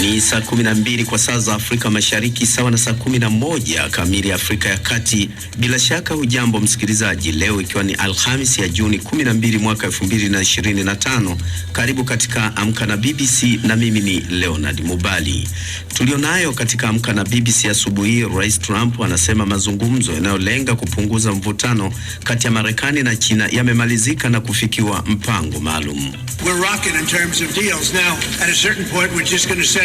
Ni saa 12 kwa saa za Afrika Mashariki, sawa na saa 11 kamili Afrika ya Kati. Bila shaka hujambo msikilizaji, leo ikiwa ni Alhamis ya Juni 12 mwaka 2025. Karibu katika Amka na BBC na mimi ni Leonard Mubali. Tulionayo katika Amka na BBC asubuhi, Rais Trump anasema mazungumzo yanayolenga kupunguza mvutano kati ya Marekani na China yamemalizika na kufikiwa mpango maalum. We're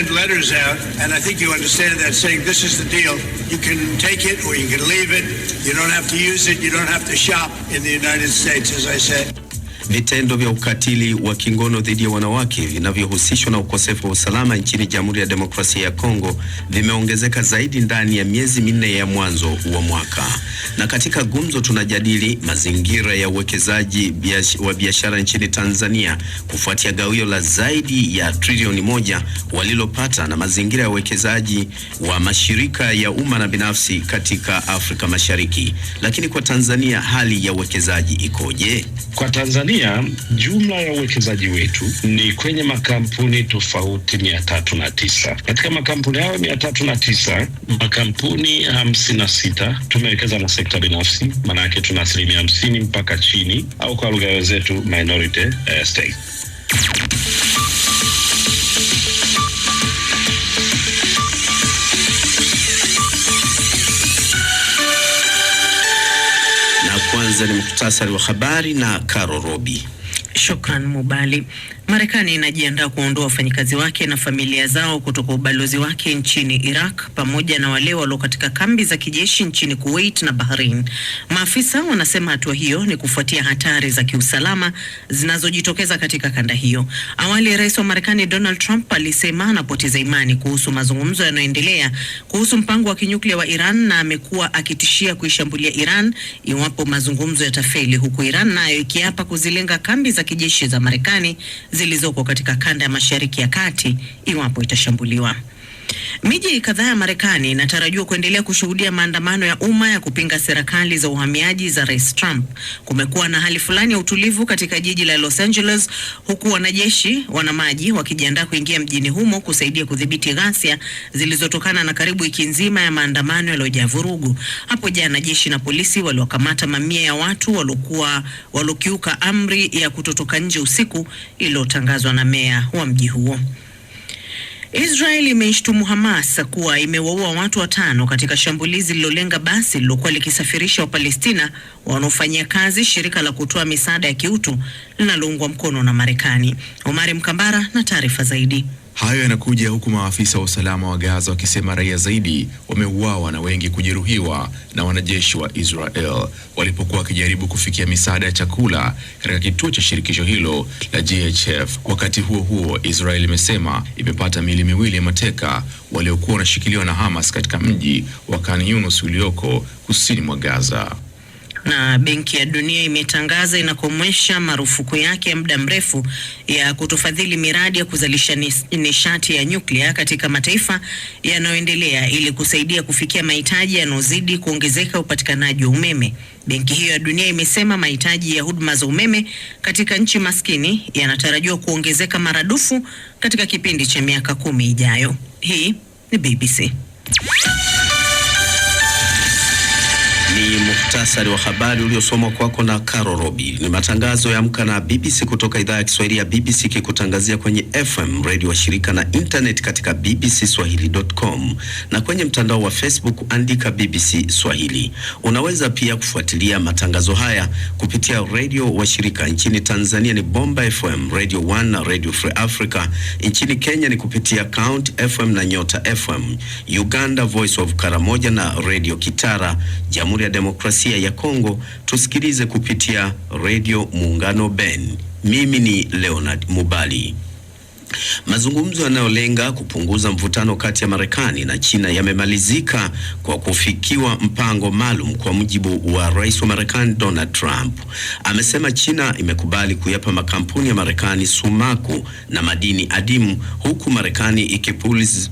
letters out, and I think you understand that, saying this is the deal. You can take it or you can leave it. You don't have to use it. You don't have to shop in the United States, as I said. vitendo vya ukatili wa kingono dhidi ya wanawake vinavyohusishwa na ukosefu wa usalama nchini Jamhuri ya Demokrasia ya Kongo vimeongezeka zaidi ndani ya miezi minne ya mwanzo wa mwaka. Na katika gumzo tunajadili mazingira ya uwekezaji biash, wa biashara nchini Tanzania kufuatia gawio la zaidi ya trilioni moja walilopata na mazingira ya uwekezaji wa mashirika ya umma na binafsi katika Afrika Mashariki. Lakini kwa Tanzania hali ya uwekezaji ikoje? Kwa Tanzania Tanzania jumla ya uwekezaji wetu ni kwenye makampuni tofauti mia tatu na tisa. Katika makampuni hayo mia tatu na tisa, makampuni hamsini na sita tumewekeza na sekta binafsi, maanake tuna asilimia hamsini mpaka chini, au kwa lugha zetu minority uh, eh, stake. Kwanza ni muhtasari wa habari na Karo Robi. Shukran Mubali. Marekani inajiandaa kuondoa wafanyikazi wake na familia zao kutoka ubalozi wake nchini Iraq pamoja na wale walio katika kambi za kijeshi nchini Kuwait na Bahrain. Maafisa wanasema hatua hiyo ni kufuatia hatari za kiusalama zinazojitokeza katika kanda hiyo. Awali, rais wa Marekani Donald Trump alisema anapoteza imani kuhusu mazungumzo yanayoendelea kuhusu mpango wa kinyuklia wa Iran na amekuwa akitishia kuishambulia Iran iwapo mazungumzo yatafeli, huku Iran nayo ikiapa kuzilenga kambi za kijeshi za Marekani zilizoko katika kanda ya Mashariki ya Kati iwapo itashambuliwa. Miji kadhaa ya Marekani inatarajiwa kuendelea kushuhudia maandamano ya umma ya kupinga serikali za uhamiaji za Rais Trump. Kumekuwa na hali fulani ya utulivu katika jiji la Los Angeles, huku wanajeshi wanamaji wakijiandaa kuingia mjini humo kusaidia kudhibiti ghasia zilizotokana na karibu wiki nzima ya maandamano yaliyojaa vurugu. Hapo jana jeshi na polisi waliwakamata mamia ya watu waliokuwa waliokiuka amri ya kutotoka nje usiku iliyotangazwa na meya wa mji huo. Israel imeishtumu Hamas kuwa imewaua watu watano katika shambulizi lilolenga basi lilokuwa likisafirisha Wapalestina wanaofanyia kazi shirika la kutoa misaada ya kiutu linaloungwa mkono na Marekani. Omari Mkambara na taarifa zaidi. Hayo yanakuja huku maafisa wa usalama wa Gaza wakisema raia zaidi wameuawa na wengi kujeruhiwa na wanajeshi wa Israel walipokuwa wakijaribu kufikia misaada ya chakula katika kituo cha shirikisho hilo la GHF. Wakati huo huo, Israel imesema imepata miili miwili ya mateka waliokuwa wanashikiliwa na Hamas katika mji wa Khan Yunus ulioko kusini mwa Gaza na Benki ya Dunia imetangaza inakomesha marufuku yake ya muda mrefu ya kutofadhili miradi ya kuzalisha nishati ya nyuklia katika mataifa yanayoendelea ili kusaidia kufikia mahitaji yanayozidi kuongezeka upatikanaji wa umeme. Benki hiyo ya Dunia imesema mahitaji ya huduma za umeme katika nchi maskini yanatarajiwa kuongezeka maradufu katika kipindi cha miaka kumi ijayo. Hii ni BBC. Ni muhtasari wa habari uliosomwa kwako na Caro Robi. Ni matangazo ya Amka na BBC kutoka idhaa ya Kiswahili ya BBC kikutangazia kwenye FM redio wa shirika na internet katika bbc Swahili.com na kwenye mtandao wa Facebook andika BBC Swahili. Unaweza pia kufuatilia matangazo haya kupitia redio wa shirika nchini Tanzania ni Bomba FM, Radio 1 na Radio Free Africa. Nchini Kenya ni kupitia Count FM na Nyota FM. Uganda Voice of Karamoja na Radio Kitara. Jamhuri Jamhuri ya Demokrasia ya Kongo tusikilize kupitia Redio Muungano Ben. Mimi ni Leonard Mubali. Mazungumzo yanayolenga kupunguza mvutano kati ya Marekani na China yamemalizika kwa kufikiwa mpango maalum, kwa mujibu wa rais wa Marekani Donald Trump. Amesema China imekubali kuyapa makampuni ya Marekani sumaku na madini adimu, huku Marekani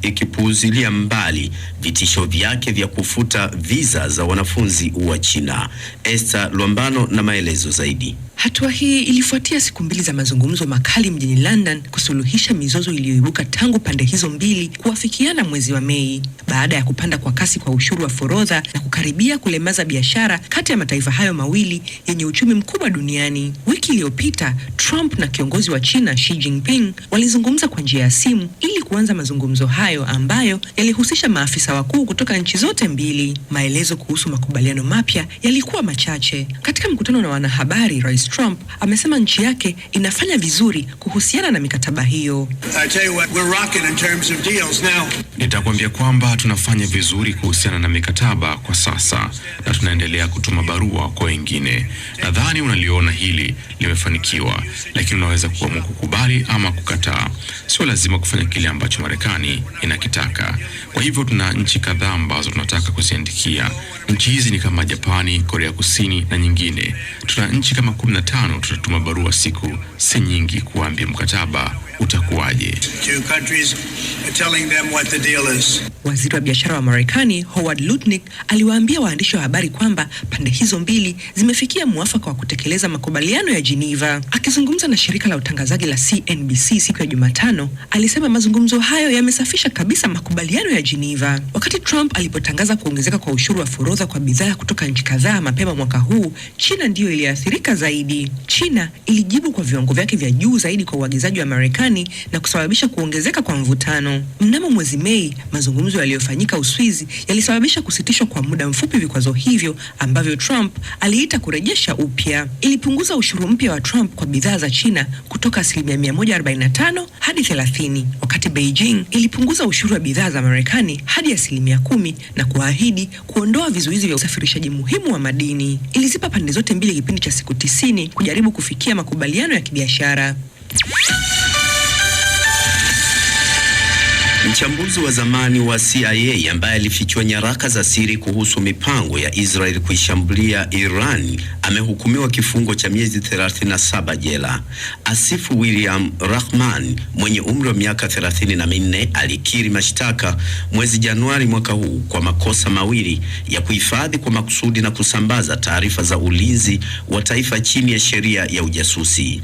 ikipuuzilia mbali vitisho vyake vya kufuta visa za wanafunzi wa China. Esther Lwambano na maelezo zaidi. Hatua hii ilifuatia siku mbili za mazungumzo makali mjini London kusuluhisha mizozo iliyoibuka tangu pande hizo mbili kuafikiana mwezi wa Mei baada ya kupanda kwa kasi kwa ushuru wa forodha na kukaribia kulemaza biashara kati ya mataifa hayo mawili yenye uchumi mkubwa duniani. Wiki iliyopita, Trump na kiongozi wa China Xi Jinping walizungumza kwa njia ya simu ili kuanza mazungumzo hayo ambayo yalihusisha maafisa wakuu kutoka nchi zote mbili. Maelezo kuhusu makubaliano mapya yalikuwa machache. Katika mkutano na wanahabari, Rais Trump amesema nchi yake inafanya vizuri kuhusiana na mikataba hiyo. Nitakwambia kwamba tunafanya vizuri kuhusiana na mikataba kwa sasa, na tunaendelea kutuma barua kwa wengine. Nadhani unaliona hili limefanikiwa, lakini unaweza kuamua kukubali ama kukataa. Sio lazima kufanya kile ambacho Marekani inakitaka. Kwa hivyo tuna nchi kadhaa ambazo tunataka kuziandikia. Nchi hizi ni kama Japani, Korea Kusini na nyingine. Tuna nchi kama kumi tano tutatuma barua siku si nyingi kuambia mkataba utakuwaje. Waziri wa biashara wa Marekani Howard Lutnick aliwaambia waandishi wa habari kwamba pande hizo mbili zimefikia mwafaka wa kutekeleza makubaliano ya Geneva. Akizungumza na shirika la utangazaji la CNBC siku ya Jumatano, alisema mazungumzo hayo yamesafisha kabisa makubaliano ya Geneva. Wakati Trump alipotangaza kuongezeka kwa ushuru wa forodha kwa bidhaa kutoka nchi kadhaa mapema mwaka huu, China ndiyo iliathirika zaidi. China ilijibu kwa viwango vyake vya juu zaidi kwa uagizaji wa Marekani amani na kusababisha kuongezeka kwa mvutano. Mnamo mwezi Mei, mazungumzo yaliyofanyika Uswizi yalisababisha kusitishwa kwa muda mfupi vikwazo hivyo ambavyo Trump aliita kurejesha upya. Ilipunguza ushuru mpya wa Trump kwa bidhaa za China kutoka asilimia 145 hadi 30, wakati Beijing ilipunguza ushuru wa bidhaa za Marekani hadi asilimia kumi na kuahidi kuondoa vizuizi vya usafirishaji muhimu wa madini. Ilizipa pande zote mbili kipindi cha siku tisini kujaribu kufikia makubaliano ya kibiashara. Mchambuzi wa zamani wa CIA ambaye alifichua nyaraka za siri kuhusu mipango ya Israel kuishambulia Iran amehukumiwa kifungo cha miezi 37 jela. Asifu William Rahman mwenye umri wa miaka 34 alikiri mashtaka mwezi Januari mwaka huu kwa makosa mawili ya kuhifadhi kwa makusudi na kusambaza taarifa za ulinzi wa taifa chini ya sheria ya ujasusi.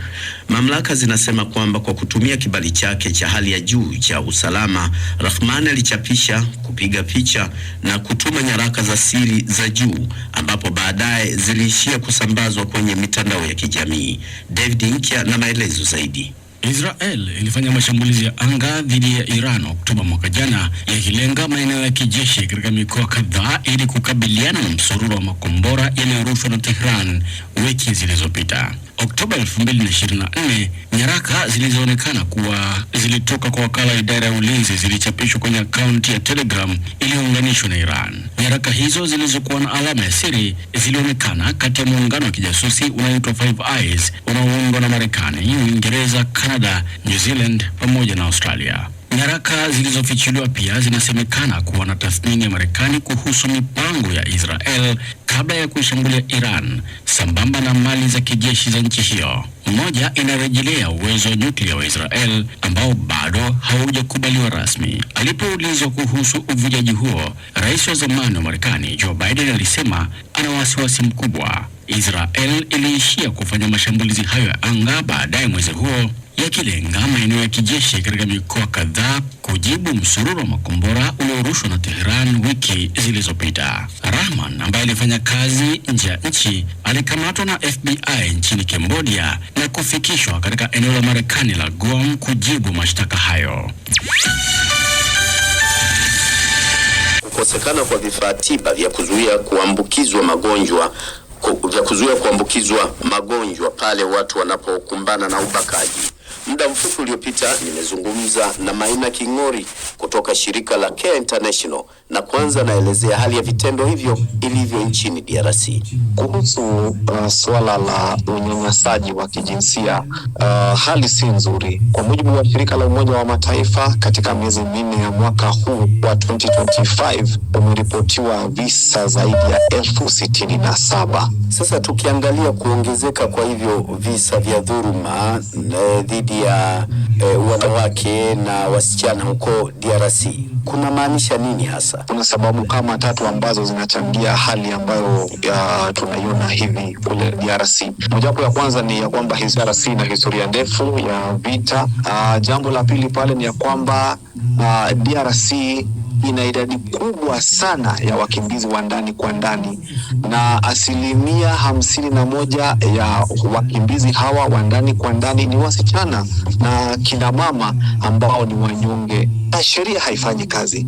Mamlaka zinasema kwamba kwa kutumia kibali chake cha hali ya juu cha usalama Rahman alichapisha, kupiga picha na kutuma nyaraka za siri za juu, ambapo baadaye ziliishia kusambazwa kwenye mitandao ya kijamii. David Nkya na maelezo zaidi. Israel ilifanya mashambulizi ya anga dhidi ya Iran Oktoba mwaka jana, yakilenga maeneo ya kijeshi katika mikoa kadhaa ili kukabiliana na msururu wa makombora yaliyorushwa na Tehran wiki zilizopita. Oktoba 2024, nyaraka zilizoonekana kuwa zilitoka kwa wakala wa idara ya ulinzi zilichapishwa kwenye akaunti ya Telegram iliyounganishwa na Iran. Nyaraka hizo zilizokuwa na alama ya siri zilionekana kati ya muungano wa kijasusi unaoitwa Five Eyes unaoundwa na Marekani, Uingereza, Canada, New Zealand pamoja na Australia. Nyaraka zilizofichuliwa pia zinasemekana kuwa na tathmini ya Marekani kuhusu mipango ya Israel kabla ya kuishambulia Iran, sambamba na mali za kijeshi za nchi hiyo. Mmoja inarejelea uwezo wa nyuklia wa Israel ambao bado haujakubaliwa rasmi. Alipoulizwa kuhusu uvujaji huo, rais wa zamani wa Marekani Joe Biden alisema ana wasiwasi mkubwa. Israel iliishia kufanya mashambulizi hayo ya anga baadaye mwezi huo yakilenga maeneo ya kijeshi katika mikoa kadhaa kujibu msururu wa makombora uliorushwa na Teheran wiki zilizopita. Rahman ambaye alifanya kazi nje ya nchi alikamatwa na FBI nchini Cambodia na kufikishwa katika eneo la Marekani la Guam kujibu mashtaka hayo. Kukosekana kwa vifaa tiba vya kuzuia kuambukizwa magonjwa vya kuzuia kuambukizwa magonjwa pale watu wanapokumbana na ubakaji Muda mfupi uliopita nimezungumza na Maina King'ori kutoka shirika la Care International na kwanza naelezea hali ya vitendo hivyo ilivyo nchini DRC. Kuhusu uh, suala la unyanyasaji wa kijinsia uh, hali si nzuri. Kwa mujibu wa shirika la Umoja wa Mataifa, katika miezi minne ya mwaka huu wa 2025 umeripotiwa visa zaidi ya elfu sitini na saba. Sasa tukiangalia kuongezeka kwa hivyo visa vya dhuruma eh, dhidi ya e, eh, wanawake na wasichana huko DRC kunamaanisha nini hasa? Kuna sababu kama tatu ambazo zinachangia hali ambayo tunaiona hivi kule DRC. Mojawapo ya kwanza ni ya kwamba DRC ina historia ndefu ya vita. Ah, jambo la pili pale ni ya kwamba ah, DRC ina idadi kubwa sana ya wakimbizi wa ndani kwa ndani, na asilimia hamsini na moja ya wakimbizi hawa wa ndani kwa ndani ni wasichana na kina mama ambao ni wanyonge, na sheria haifanyi kazi.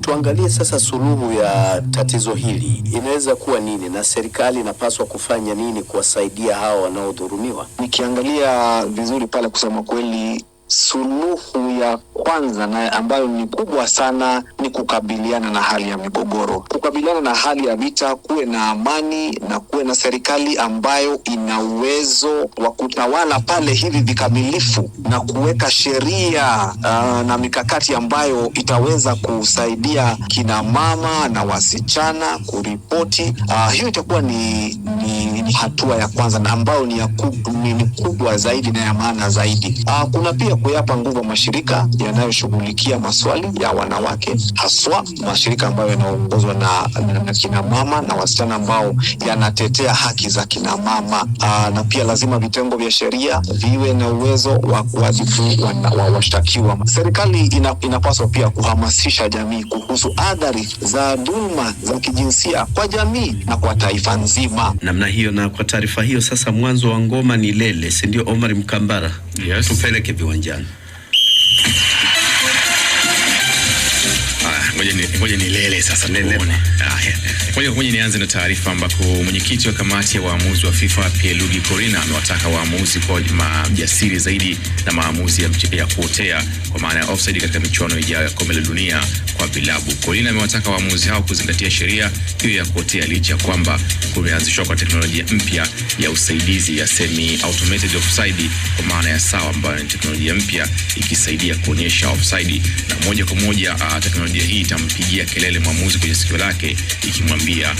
Tuangalie sasa suluhu ya tatizo hili inaweza kuwa nini, na serikali inapaswa kufanya nini kuwasaidia hawa wanaodhulumiwa? Nikiangalia vizuri pale, kusema kweli suluhu ya kwanza na ambayo ni kubwa sana ni kukabiliana na hali ya migogoro, kukabiliana na hali ya vita, kuwe na amani na kuwe na serikali ambayo ina uwezo wa kutawala pale hivi vikamilifu na kuweka sheria uh, na mikakati ambayo itaweza kusaidia kina mama na wasichana kuripoti. Uh, hiyo itakuwa ni, ni, ni hatua ya kwanza na ambayo ni, ya kub, ni, ni kubwa zaidi na ya maana zaidi. Uh, kuna pia kuyapa nguvu mashirika yanayoshughulikia maswali ya wanawake, haswa mashirika ambayo yanaongozwa na, na, na kinamama na wasichana ambao yanatetea haki za kinamama. Ah, na pia lazima vitengo vya sheria viwe na uwezo wa kuadhibu washtakiwa wa, Serikali ina, inapaswa pia kuhamasisha jamii kuhusu athari za dhuluma za kijinsia kwa jamii na kwa taifa nzima namna hiyo. Na kwa taarifa hiyo, sasa mwanzo wa ngoma ni lele, si ndio? Omar Mkambara, yes. Tupeleke viwanja Yeah. ngoja nilele sasa tuone. Ah, ngoja nianze na taarifa ambako mwenyekiti wa kamati ya waamuzi wa FIFA Pierluigi Collina amewataka waamuzi kwa majasiri zaidi na maamuzi ya, ya kuotea kwa maana ya offside katika michuano ijayo ya kombe la dunia kwa vilabu. Collina amewataka waamuzi hao kuzingatia sheria hiyo ya kuotea licha ya kwamba kumeanzishwa kwa teknolojia mpya ya usaidizi ya semi automated offside kwa maana ya sawa, ambayo ni teknolojia mpya ikisaidia kuonyesha offside na moja kwa moja uh, teknolojia hii itampigia kelele mwamuzi kwenye sikio lake ikimwambia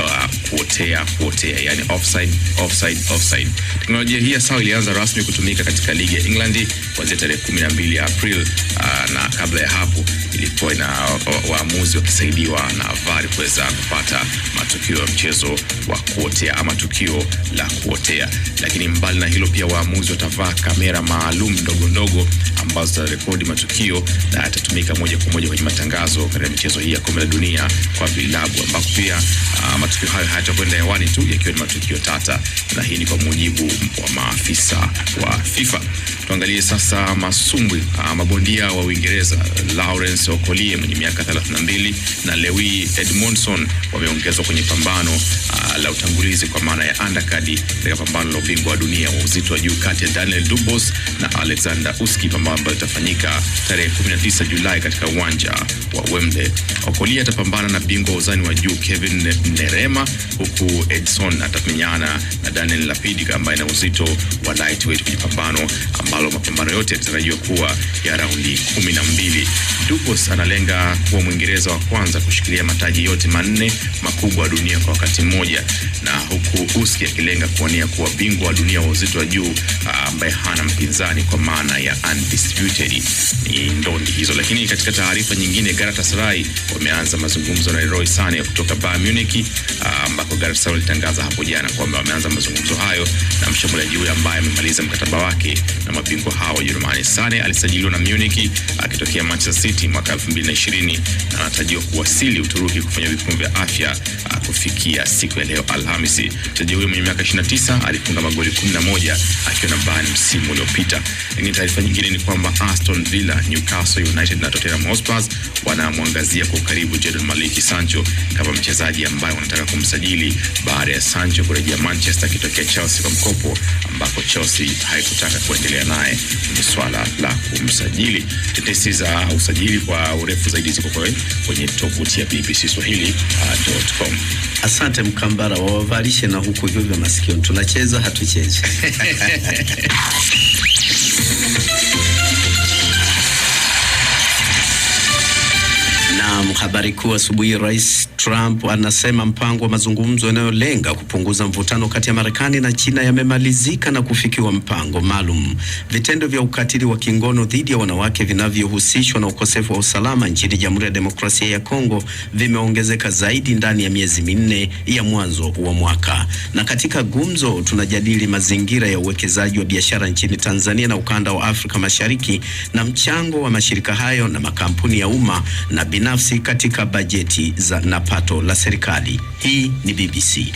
uh, kuotea kuotea, yani offside, offside, offside. Teknolojia hii ya sawa ilianza rasmi kutumika katika ligi ya England kuanzia tarehe 12 ya April uh, na kabla ya hapo ilikuwa ina uh, waamuzi wa wakisaidiwa na VAR kuweza kupata matukio ya mchezo wa kuotea ama tukio la kuotea. Lakini mbali na hilo, pia waamuzi watavaa kamera maalum ndogo ndogo ambazo zitarekodi matukio na yatatumika moja kwa moja kwenye matangazo michezo katika michezo hii ya kombe la dunia kwa vilabu, ambapo pia uh, matukio hayo hayatakwenda hewani tu yakiwa ni matukio tata, na hii ni kwa mujibu wa maafisa wa FIFA. Tuangalie sasa masumbwi. Uh, mabondia wa Uingereza Lawrence Okolie mwenye miaka 32 na Lewi Edmondson wameongezwa kwenye pambano uh, la utangulizi kwa maana ya undercard katika pambano la ubingwa wa dunia wa uzito wa juu kati ya Daniel Dubos na Alexander Usyk, pambano ambalo litafanyika tarehe 19 Julai katika uwanja wa Wemde. Okolia atapambana na bingwa uzani wa juu Kevin Nerema, huku Edson atamenyana na Daniel Lapidi ambaye na uzito wa lightweight kwenye pambano ambalo mapambano yote yanatarajiwa kuwa ya raundi kumi na mbili. Dupos analenga kuwa Mwingereza wa kwanza kushikilia mataji yote manne makubwa ya dunia kwa wakati mmoja, na huku Uski akilenga kuwania kuwa bingwa wa dunia wa uzito wa juu ah, ambaye hana mpinzani kwa maana ya undisputed. Ni ndondi hizo, lakini katika taarifa nyingine Garata Galatasaray wameanza mazungumzo na Leroy Sane kutoka Bayern Munich, ah, ambako Galatasaray walitangaza hapo jana kwamba wameanza mazungumzo hayo na mshambuliaji huyo ambaye amemaliza mkataba wake na mabingwa hao wa Ujerumani. Sane alisajiliwa na Munich akitokea Manchester City mwaka 2020 na anatarajiwa kuwasili Uturuki kufanya vipimo vya afya ah, kufikia siku ya leo Alhamisi. Mchezaji huyo mwenye miaka 29 alifunga magoli 11 akiwa na Bayern msimu uliopita. Taarifa nyingine ni kwamba Aston Villa, Newcastle United na Tottenham Hotspur wana anamwangazia kwa ukaribu Jadon Maliki Sancho kama mchezaji ambaye wanataka kumsajili baada ya Sancho kurejea Manchester akitokea Chelsea kwa mkopo, ambako Chelsea haikutaka kuendelea naye kwenye swala la kumsajili. Tetesi za usajili kwa urefu zaidi ziko kwenye tovuti ya BBC Swahili.com. Uh, asante Mkambara, wawavalishe na huku hivyo masikio, tunacheza hatuchezi habari kuu asubuhi. Rais Trump anasema mpango wa mazungumzo yanayolenga kupunguza mvutano kati ya Marekani na China yamemalizika na kufikiwa mpango maalum. Vitendo vya ukatili wa kingono dhidi ya wanawake vinavyohusishwa na ukosefu wa usalama nchini Jamhuri ya Demokrasia ya Kongo vimeongezeka zaidi ndani ya miezi minne ya mwanzo wa mwaka. Na katika gumzo tunajadili mazingira ya uwekezaji wa biashara nchini Tanzania na ukanda wa Afrika Mashariki na mchango wa mashirika hayo na makampuni ya umma na binafsi katika bajeti za na pato la serikali. Hii ni BBC.